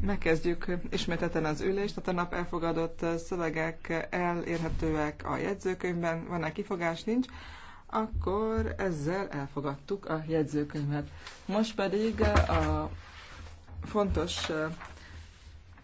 Megkezdjük ismételten az ülést. A tegnap elfogadott szövegek elérhetőek a jegyzőkönyvben. Van-e kifogás? Nincs. Akkor ezzel elfogadtuk a jegyzőkönyvet. Most pedig a fontos